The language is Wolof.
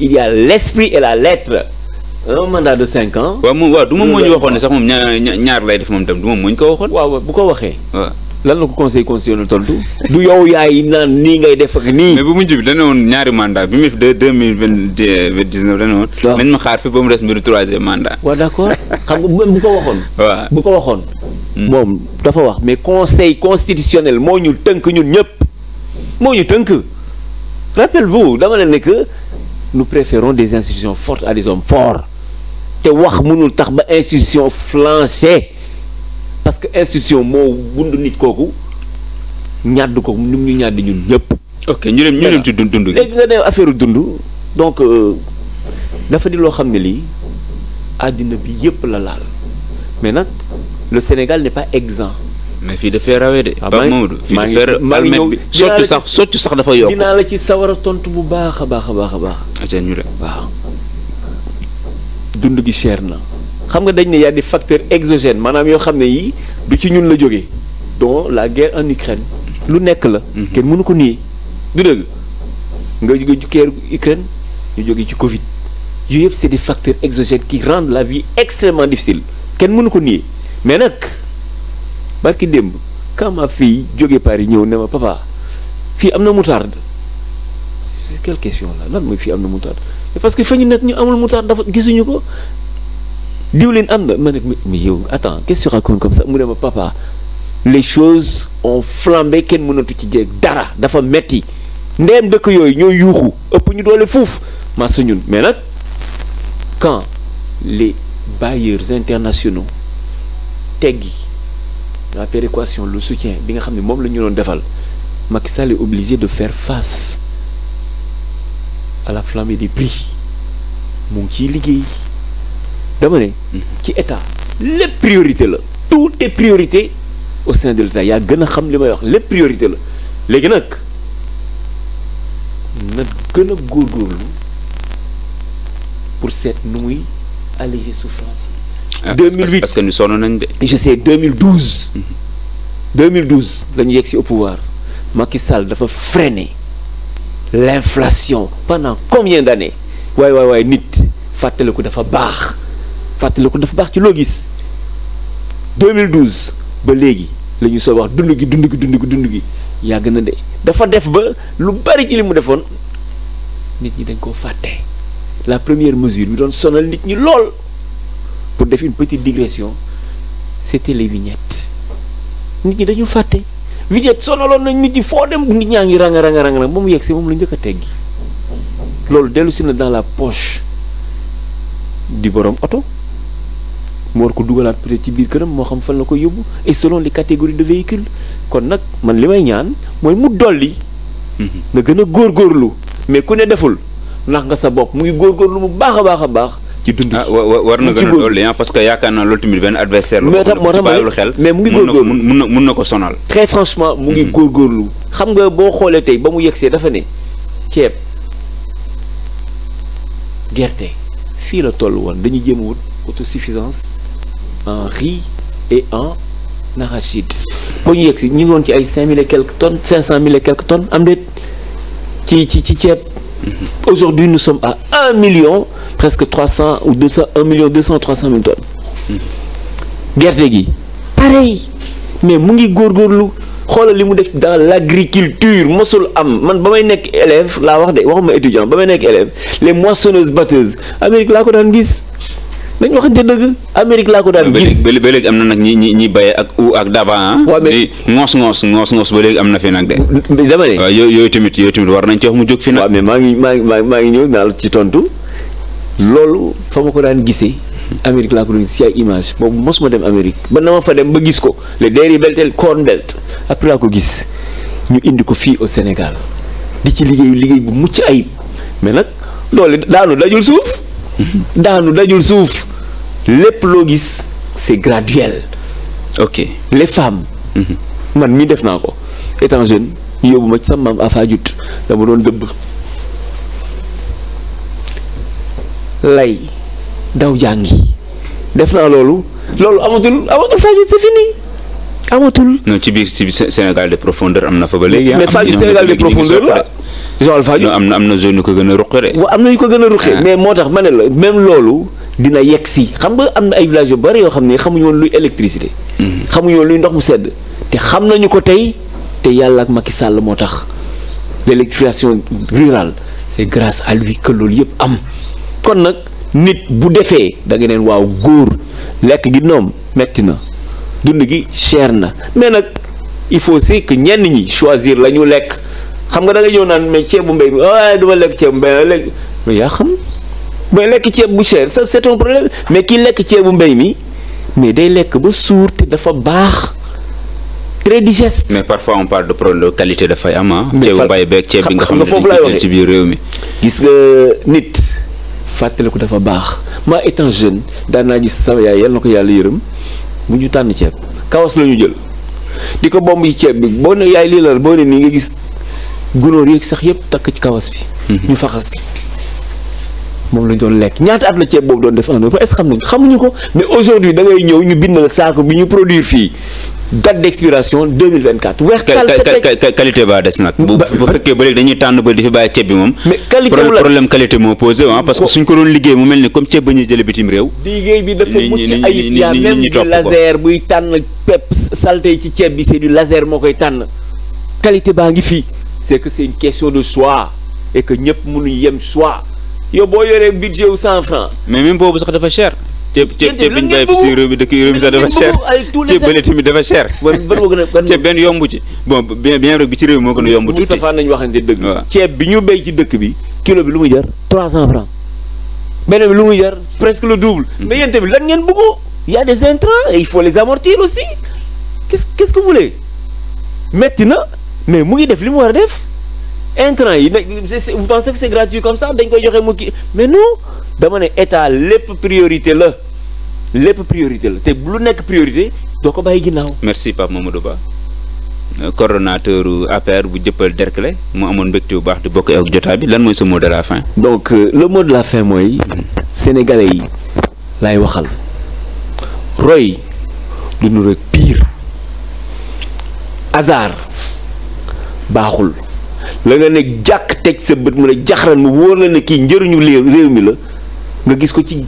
il y l'esprit et la lettre un mandat de cinq ans. waaw moom waaw du moom moo ñu waxoon ne sax moom ñaar ñaar lay def moom tam du moom moo ñu ko waxoon. waaw bu ko waxee. lan la ko conseil constitutionnel tontu. du yow yaay naan nii ngay def ak nii. mais bu mujj bi dañu woon ñaari mandat bi mu def deux mille vingt dix neuf dañu woon. waaw nañ ma xaar fi ba mu des mbiru troisième mandat. waaw d' accord xam nga bu ko waxoon. waaw bu ko waxoon. Hmm. moom dafa wax mais conseil constitutionnel moo ñu tënk ñun ñëpp moo ñu tënk. nous préférons des institutions fortes à des hommes te wax munul tax ba institution flanché parce que institution moo wund nit kooku ñàdd ko ni mu ñu ñàdd ñun ñëpp. ok ñu dem ñu dem ci dund dund gi. léegi nga ne affaire dund donc euh, dafa di loo xam ne lii àddina bi yëpp la laal mais nag le Sénégal n'est pas exempt. mais fii dafee rawee de. Ah, Pape Mamadou fii dafee almet bi soccu sax soccu sax dafa yokk dinaa la ci sawar a tontu bu baax a baax a baax a baax. atia ñu dem waaw. dund gi cher na. xam nga dañ ne y a des facteurs exogènes maanaam yoo xam ne yii du ci ñun la jógee. dont la guerre en Ukraine. lu nekk la. Mhm. kenn mënu ko nii. du dëgg nga jóge ci guerre Ukraine ñu jóge ci Covid yooyu yëpp c'est des facteurs exogènes qui rendent la vie extrêmement difficile kenn mënu ko nii mais nag. barki démb quand ma fille jóge Paris ñëw ne ma papa fii am na moutarde c'est quelle mooy fii am na moutarde parce que fa ñu nekk ñu amul moutarde dafa gisuñu ko diwlin am na ma ne mais yow attends qu'est-ce que tu comme ça mu ne ma papa les choses ont flambé kenn mënatu ci jeeg dara dafa metti ndeem dëkk yooyu ñoo yuuxu ëpp ñu doole fuuf ma ñun mais nag quand les bailleurs internationaux teggi la péréquation le soutien bi nga xam ne moom lañu doon defal Macky Sall est obligé de faire face à la flambée des prix mu ngi ciy liggéey dama ne ci état lépp priorité la tout est priorité au sein de l'état yaa gën a xam li may wax lépp priorité la léegi nag na gën a góor góorlu pour seet nu muy alléger souffrance yi 2008 ah, parce que ñu sonn nañ de. je sais 2012. 2012 mhm. la ñu yegg si au pouvoir Sall dafa freiner l'inflation pendant combien d'années waay waay waay nit fàttaliku dafa baax fàttaliku dafa baax ci loo gis 2012 ba léegi la soo wax dund gi dund gi dund gi dund gi yàgg na de dafa def ba lu bari ci li mu defoon nit ñi dañ koo fàtte la première mesure bi doon sonal nit ñi lool. pour def une petite digression c'était les vignettes nit ñi dañu fàtte vignette sonaloon nañ nit ñi foo dem nit ñaa ngi rang rang rang ba mu yegg si moom la njëkk a teggi loolu dellu si na dans la poche di boroom oto mu war ko dugalaat peut-être ci biir këram moo xam fan la ko yóbbu et selon les de véhicules kon nag man li may ñaan mooy mu dolli. Mhm. nga gën a góor góorlu mais ku ne deful ndax nga sa bopp muy góorgóorlu bu baax a baax a baax. ci dund ah war na gën a dolli ah, parce que yaakaar naa loolu tamit benn adversaire la. moo tax bàyyiwul xel mais mu ngi góorgóorlu mun na mun na ko sonal. très franchement mu ngi mm-hmm. góorgóorlu. xam nga boo xoolee tey ba mu yegsee dafa ne ceeb gerte fii la toll woon dañu jéem wut autosuffisance en riz et en arachide. boo ñu yegsi ñu ngi woon ci ay cinq mille et quelques cinq cent mille et quelques am déet ci ci ci ceeb. aujourd'hui nous sommes à un million presque trois cent ou deux cent un million deux cent trois cent mille tonnes gerte gi pareil mais mu ngi góor góorgóorlu xoolal li mu def dans l'agriculture mosul am man ba may nekk élève laa wax de waxuma étudiant ba may nekk élève les moissonneuses batteuses Amérique laa ko daan gis nañ waxante dëgg Amérique laa ko daan gis ba léegi am na nag ñi ñi ñi béye ak u ak daba ah ni ngoos ngoos ngoos ngoos ba léegi am na fi nag de dama ne waaw yooyu yooyu tamit yooyu tamit war nañ ci wax mu jóg fi nag loolu fa ma ko daan gisee Amérique laa ko image boobu mos ma dem Amérique ba na ma fa dem ba gis ko le Dairy Belt et Corn Belt après laa ko gis ñu indi ko fii au Sénégal di ci liggéeyu liggéey bu mucc ayib mais nag loolu daanu dajul suuf daanu dajul suuf lépp loo gis c'est graduel. ok les femmes. Mhm. man mii def naa ko étant jeune yóbbu ma ci sama maam Afajut dama doon dëbb. lay daw jàngi def naa loolu loolu amatul amatul Fajut c'est fini. amatul. non ci biir ci Sénégal de profondeur am na fa ba léegi. mais ah. am na am na zone yu ko gën a am na yu ko gën a ruqe ah. mais moo tax ma ne la même loolu. dina yegg si xam nga am na ay villages yu bari yoo xam ne xamuñu woon luy électricité. Mhm. xamuñu woon ndox mu sedd. te xam nañu ko tey te yàlla ak Macky sàll moo tax l'électrification rurale c'est grâce à loolu yëpp am kon nag nit bu defee da nga neen waaw góor lekk gi noom metti na dund gi cher na mais nag il faut aussi que ñenn ñi choisir la ñu lekk xam nga da nga ñëw naan mais ceebu mbéy mi waaye ah, du ma lekk ceebu mbéy mi mais yaa xam. booy lekk ceeb bu cher ça c'est un problème mais kii lekk ceebu mbéy mi mais day lekk ba suur te dafa baax très digeste. mais parfois on parle de problème de qualité dafay am ah. ceebu mbay beek ceeb bi nga xam ne dañ ci biir réew mi. gis nga nit fàttaliku dafa baax maa étant jeune daan naa gis sama yaay yal na ko yàlla yërëm bu ñu tànn ceeb kawas la ñu jël di ko bomb ci ceeb bi boo ne yaay lii la boo ne nii nga gis gunóor yeeg sax yëpp takk ci kawas bi. Mhm. ñu faxas. moom lañ doon lekk ñaata at la ceeb boobu doon def en Europe est-ce que xam nañ xamuñu ko mais aujourd'hui da ngay ñëw ñu bind la saako bi ñu produire fii date d'expiration 2024. weex tal qualité baa des nag. bu fekkee ba léegi dañuy tànn ba di fi bàyyi ceeb bi moom. mais qualité problème qualité moo posé parce que suñ ko doon liggéey mu mel ni comme ceeb ba ñuy jëlee bitim réew. liggéey bi dafa mucc ayib yaa même du laser buy tànn pep saleté ci ceeb bi c'est du laser moo koy baa ngi fii c'est que c'est une question de choix et que ñëpp yow boo yoree budget wu cent franc. mais même boobu sax dafa cher. ceeb ceeb ceeb bi ñu bàyyi si réew mi dëkk réew ci bi ci réew mi moo gën a yomb tuuti bi ñu dëkk bi kilo bi lu muy jar trois cent franc beneen bi lu mu jar presque le double. Hmm. mais yéen tamit lan ngeen bëggoo y a des intrants et il faut les amortir aussi metti na mais mu ngi def li mu war a def. intrant yi nag vous pensez que c'est gratuit comme sax dañ koy joxe mu kii mais non dama ne état lépp priorité la lépp priorité la te lu nekk priorité doo ko bàyyi ginnaaw. merci Pape Mamadou Ba coordonnateur APR bu jëppal Derklé mu amoon mbégte bu baax di bokk ak jotaa bi lan mooy sa mot de la fin. donc euh, le mot de la fin mooy sénégalais yi lay waxal roy lu nu rek pire baaxul. la nga ne jàkk teg sa bët mu ne jaxaran mu wóor la ne kii njëriñu réew mi la nga gis ko ci